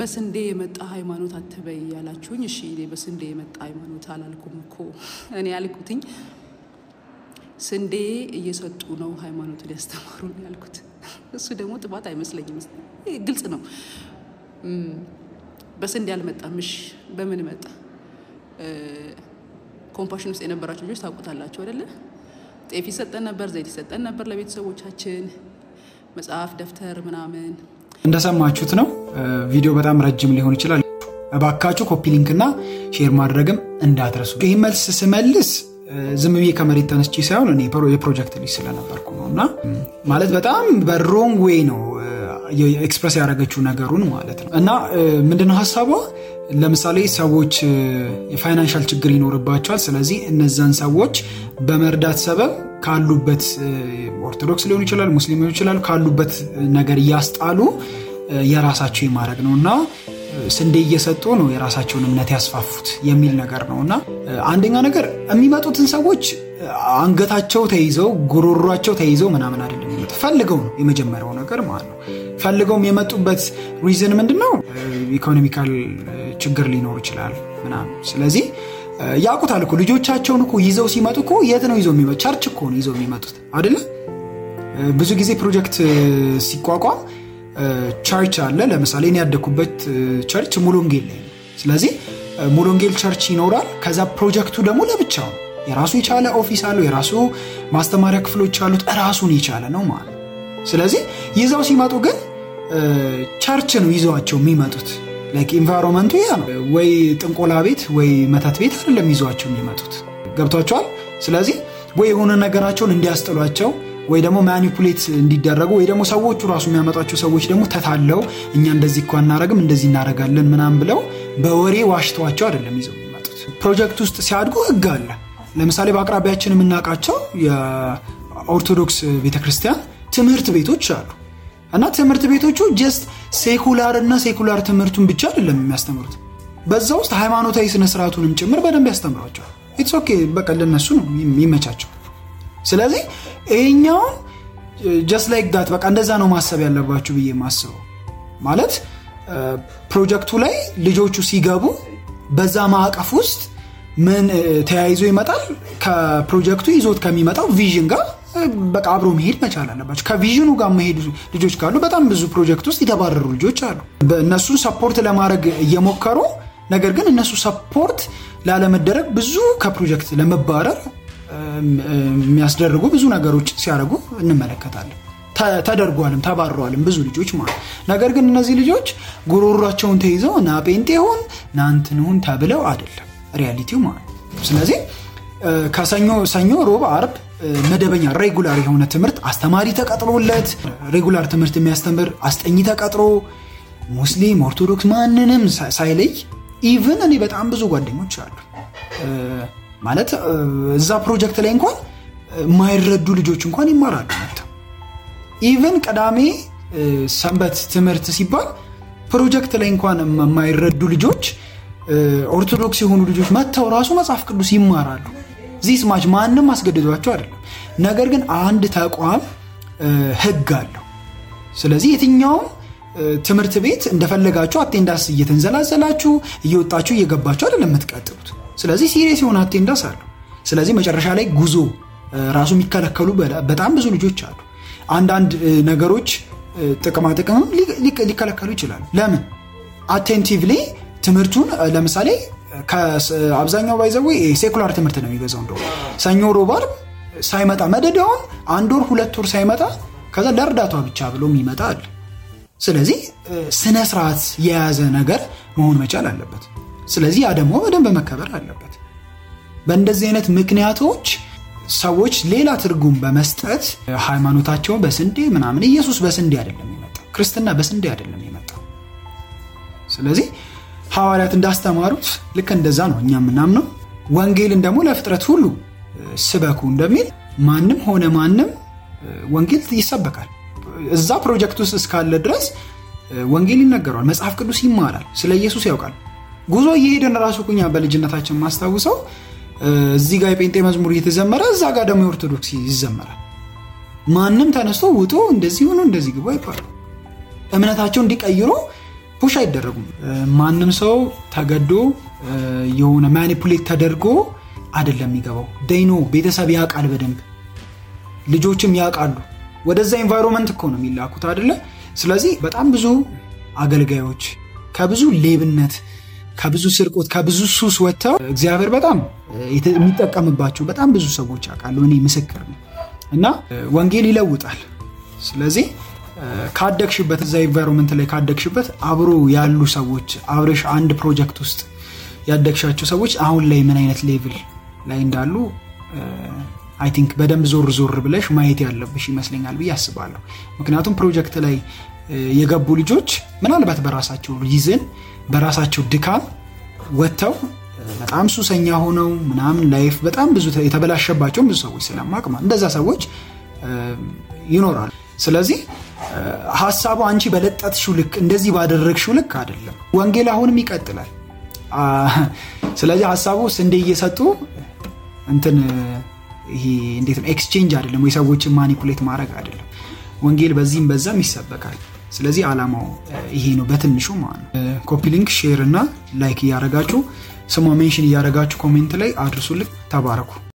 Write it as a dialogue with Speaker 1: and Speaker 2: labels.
Speaker 1: በስንዴ የመጣ ሃይማኖት አትበይ ያላችሁኝ፣ እሺ እኔ በስንዴ የመጣ ሃይማኖት አላልኩም እኮ እኔ ያልኩትኝ ስንዴ እየሰጡ ነው ሃይማኖት ሊያስተማሩ ነው ያልኩት። እሱ ደግሞ ጥፋት አይመስለኝም፣ ግልጽ ነው። በስንዴ አልመጣም። እሺ በምን መጣ? ኮምፓሽን ውስጥ የነበራቸው ልጆች ታውቁታላቸው አይደለ? ጤፍ ይሰጠን ነበር፣ ዘይት ይሰጠን ነበር ለቤተሰቦቻችን፣ መጽሐፍ፣ ደብተር ምናምን እንደሰማችሁት ነው። ቪዲዮ በጣም ረጅም ሊሆን ይችላል። እባካችሁ ኮፒ እና ሼር ማድረግም እንዳትረሱ። ይህ መልስ ስመልስ ዝም ብዬ ከመሬት ተነስቼ ሳይሆን እኔ የፕሮጀክት ልጅ ስለነበርኩ ነው። እና ማለት በጣም በሮንግ ዌይ ነው ኤክስፕረስ ያደረገችው ነገሩን ማለት ነው። እና ምንድነው ሀሳቧ? ለምሳሌ ሰዎች የፋይናንሻል ችግር ይኖርባቸዋል። ስለዚህ እነዛን ሰዎች በመርዳት ሰበብ ካሉበት ኦርቶዶክስ ሊሆን ይችላል፣ ሙስሊም ሊሆን ይችላል፣ ካሉበት ነገር እያስጣሉ የራሳቸው የማድረግ ነው እና ስንዴ እየሰጡ ነው የራሳቸውን እምነት ያስፋፉት የሚል ነገር ነው እና አንደኛ ነገር የሚመጡትን ሰዎች አንገታቸው ተይዘው ጉሮሯቸው ተይዘው ምናምን አይደለም የሚመጡት፣ ፈልገው ነው የመጀመሪያው ነገር ማለት ነው። ፈልገውም የመጡበት ሪዝን ምንድን ነው? ኢኮኖሚካል ችግር ሊኖር ይችላል ምናምን ስለዚህ ያውቁታል እኮ ልጆቻቸውን እኮ ይዘው ሲመጡ እኮ የት ነው ይዘው የሚመጡ ቸርች እኮ ነው ይዘው የሚመጡት አይደለ? ብዙ ጊዜ ፕሮጀክት ሲቋቋም ቸርች አለ። ለምሳሌ እኔ ያደኩበት ቸርች ሙሉንጌል ላይ ስለዚህ ሙሉንጌል ቸርች ይኖራል። ከዛ ፕሮጀክቱ ደግሞ ለብቻው ነው የራሱ የቻለ ኦፊስ አለው። የራሱ ማስተማሪያ ክፍሎች አሉት። ራሱን የቻለ ነው ማለት። ስለዚህ ይዘው ሲመጡ ግን ቸርች ነው ይዘዋቸው የሚመጡት። ላይክ ኢንቫይሮንመንቱ ያ ነው። ወይ ጥንቆላ ቤት ወይ መተት ቤት አይደለም ይዟቸው የሚመጡት ገብቷቸዋል። ስለዚህ ወይ የሆነ ነገራቸውን እንዲያስጥሏቸው ወይ ደግሞ ማኒፑሌት እንዲደረጉ ወይ ደግሞ ሰዎቹ ራሱ የሚያመጣቸው ሰዎች ደግሞ ተታለው እኛ እንደዚህ እኮ አናረግም እንደዚህ እናረጋለን ምናም ብለው በወሬ ዋሽተዋቸው አይደለም ይዘው የሚመጡት። ፕሮጀክት ውስጥ ሲያድጉ ህግ አለ። ለምሳሌ በአቅራቢያችን የምናውቃቸው የኦርቶዶክስ ቤተክርስቲያን ትምህርት ቤቶች አሉ እና ትምህርት ቤቶቹ ጀስት ሴኩላር እና ሴኩላር ትምህርቱን ብቻ አይደለም የሚያስተምሩት፣ በዛ ውስጥ ሃይማኖታዊ ስነስርዓቱንም ጭምር በደንብ ያስተምሯቸዋል። ኢትስ ኦኬ በቃ ለነሱ ነው የሚመቻቸው። ስለዚህ ይሄኛውን ጀስት ላይክ ዳት በቃ እንደዛ ነው ማሰብ ያለባችሁ ብዬ ማስበው ማለት ፕሮጀክቱ ላይ ልጆቹ ሲገቡ በዛ ማዕቀፍ ውስጥ ምን ተያይዞ ይመጣል ከፕሮጀክቱ ይዞት ከሚመጣው ቪዥን ጋር በቃ አብሮ መሄድ መቻል አለባቸው። ከቪዥኑ ጋር መሄድ ልጆች ካሉ በጣም ብዙ ፕሮጀክት ውስጥ የተባረሩ ልጆች አሉ። እነሱን ሰፖርት ለማድረግ እየሞከሩ ነገር ግን እነሱ ሰፖርት ላለመደረግ ብዙ ከፕሮጀክት ለመባረር የሚያስደርጉ ብዙ ነገሮች ሲያደርጉ እንመለከታለን። ተደርጓልም ተባረዋልም ብዙ ልጆች ማለት ነገር ግን እነዚህ ልጆች ጉሮሯቸውን ተይዘው ና ጴንጤሁን ና ተብለው አይደለም ሪያሊቲው ማለት ስለዚህ ከሰኞ ሰኞ፣ ሮብ፣ አርብ መደበኛ ሬጉላር የሆነ ትምህርት አስተማሪ ተቀጥሮለት ሬጉላር ትምህርት የሚያስተምር አስጠኝ ተቀጥሮ ሙስሊም፣ ኦርቶዶክስ ማንንም ሳይለይ ኢቭን እኔ በጣም ብዙ ጓደኞች አሉ ማለት እዛ ፕሮጀክት ላይ እንኳን የማይረዱ ልጆች እንኳን ይማራሉ። ኢቨን ቅዳሜ ሰንበት ትምህርት ሲባል ፕሮጀክት ላይ እንኳን የማይረዱ ልጆች ኦርቶዶክስ የሆኑ ልጆች መጥተው ራሱ መጽሐፍ ቅዱስ ይማራሉ። ዚስ ማች ማንም አስገድዷቸው አይደለም። ነገር ግን አንድ ተቋም ህግ አለው። ስለዚህ የትኛውም ትምህርት ቤት እንደፈለጋችሁ አቴንዳስ እየተንዘላዘላችሁ እየወጣችሁ እየገባችሁ አይደለም የምትቀጥሉት። ስለዚህ ሲሪየስ የሆነ አቴንዳስ አለው። ስለዚህ መጨረሻ ላይ ጉዞ ራሱ የሚከለከሉ በጣም ብዙ ልጆች አሉ። አንዳንድ ነገሮች ጥቅማ ጥቅምም ሊከለከሉ ይችላሉ። ለምን አቴንቲቭሊ ትምህርቱን ለምሳሌ አብዛኛው ባይዘዊ ሴኩላር ትምህርት ነው የሚገዛው። እንደሆነ ሰኞ ሮባር ሳይመጣ መደዳውን አንድ ወር ሁለት ወር ሳይመጣ ከዛ ለእርዳቷ ብቻ ብሎም ይመጣል። ስለዚህ ስነ ስርዓት የያዘ ነገር መሆን መቻል አለበት። ስለዚህ ያ ደግሞ በደንብ መከበር አለበት። በእንደዚህ አይነት ምክንያቶች ሰዎች ሌላ ትርጉም በመስጠት ሃይማኖታቸውን በስንዴ ምናምን ኢየሱስ በስንዴ አይደለም የመጣው ክርስትና በስንዴ አይደለም የመጣው ስለዚህ ሐዋርያት እንዳስተማሩት ልክ እንደዛ ነው እኛ የምናምነው። ወንጌልን ደግሞ ለፍጥረት ሁሉ ስበኩ እንደሚል ማንም ሆነ ማንም ወንጌል ይሰበካል። እዛ ፕሮጀክት ውስጥ እስካለ ድረስ ወንጌል ይነገረዋል። መጽሐፍ ቅዱስ ይማራል፣ ስለ ኢየሱስ ያውቃል። ጉዞ እየሄደን ራሱ እኛ በልጅነታችን ማስታውሰው እዚህ ጋር የጴንጤ መዝሙር እየተዘመረ እዛ ጋር ደግሞ የኦርቶዶክስ ይዘመራል። ማንም ተነስቶ ውጡ እንደዚህ ሆኖ እንደዚህ ግቡ አይባሉ እምነታቸው እንዲቀይሩ ፑሽ አይደረጉም። ማንም ሰው ተገዶ የሆነ ማኒፑሌት ተደርጎ አይደለም የሚገባው። ደይኖ ቤተሰብ ያውቃል በደንብ ልጆችም ያውቃሉ። ወደዛ ኢንቫይሮንመንት እኮ ነው የሚላኩት አይደለ? ስለዚህ በጣም ብዙ አገልጋዮች ከብዙ ሌብነት፣ ከብዙ ስርቆት፣ ከብዙ ሱስ ወጥተው እግዚአብሔር በጣም የሚጠቀምባቸው በጣም ብዙ ሰዎች አውቃለሁ። እኔ ምስክር ነው እና ወንጌል ይለውጣል። ስለዚህ ካደግሽበት እዛ ኤንቫይሮንመንት ላይ ካደግሽበት አብሮ ያሉ ሰዎች አብረሽ አንድ ፕሮጀክት ውስጥ ያደግሻቸው ሰዎች አሁን ላይ ምን አይነት ሌቭል ላይ እንዳሉ አይ uh, ቲንክ በደንብ ዞር ዞር ብለሽ ማየት ያለብሽ ይመስለኛል ብዬ አስባለሁ። ምክንያቱም ፕሮጀክት ላይ uh, የገቡ ልጆች ምናልባት በራሳቸው ሪዝን በራሳቸው ድካም ወጥተው uh, በጣም ሱሰኛ ሆነው ምናምን ላይፍ በጣም ብዙ የተበላሸባቸውን ብዙ ሰዎች ስለማቅማ እንደዛ ሰዎች ይኖራሉ። ስለዚህ ሀሳቡ አንቺ በለጠትሽው ልክ እንደዚህ ባደረግሽው ልክ አይደለም። ወንጌል አሁንም ይቀጥላል። ስለዚህ ሀሳቡ ስንዴ እየሰጡ እንትን ይሄ እንዴት ነው ኤክስቼንጅ አይደለም ወይ ሰዎችን ማኒፑሌት ማድረግ አይደለም። ወንጌል በዚህም በዛም ይሰበካል። ስለዚህ አላማው ይሄ ነው በትንሹ ማለት ነው። ኮፒ ሊንክ፣ ሼር እና ላይክ እያደረጋችሁ ስሟ ሜንሽን እያደረጋችሁ ኮሜንት ላይ አድርሱልኝ። ተባረኩ።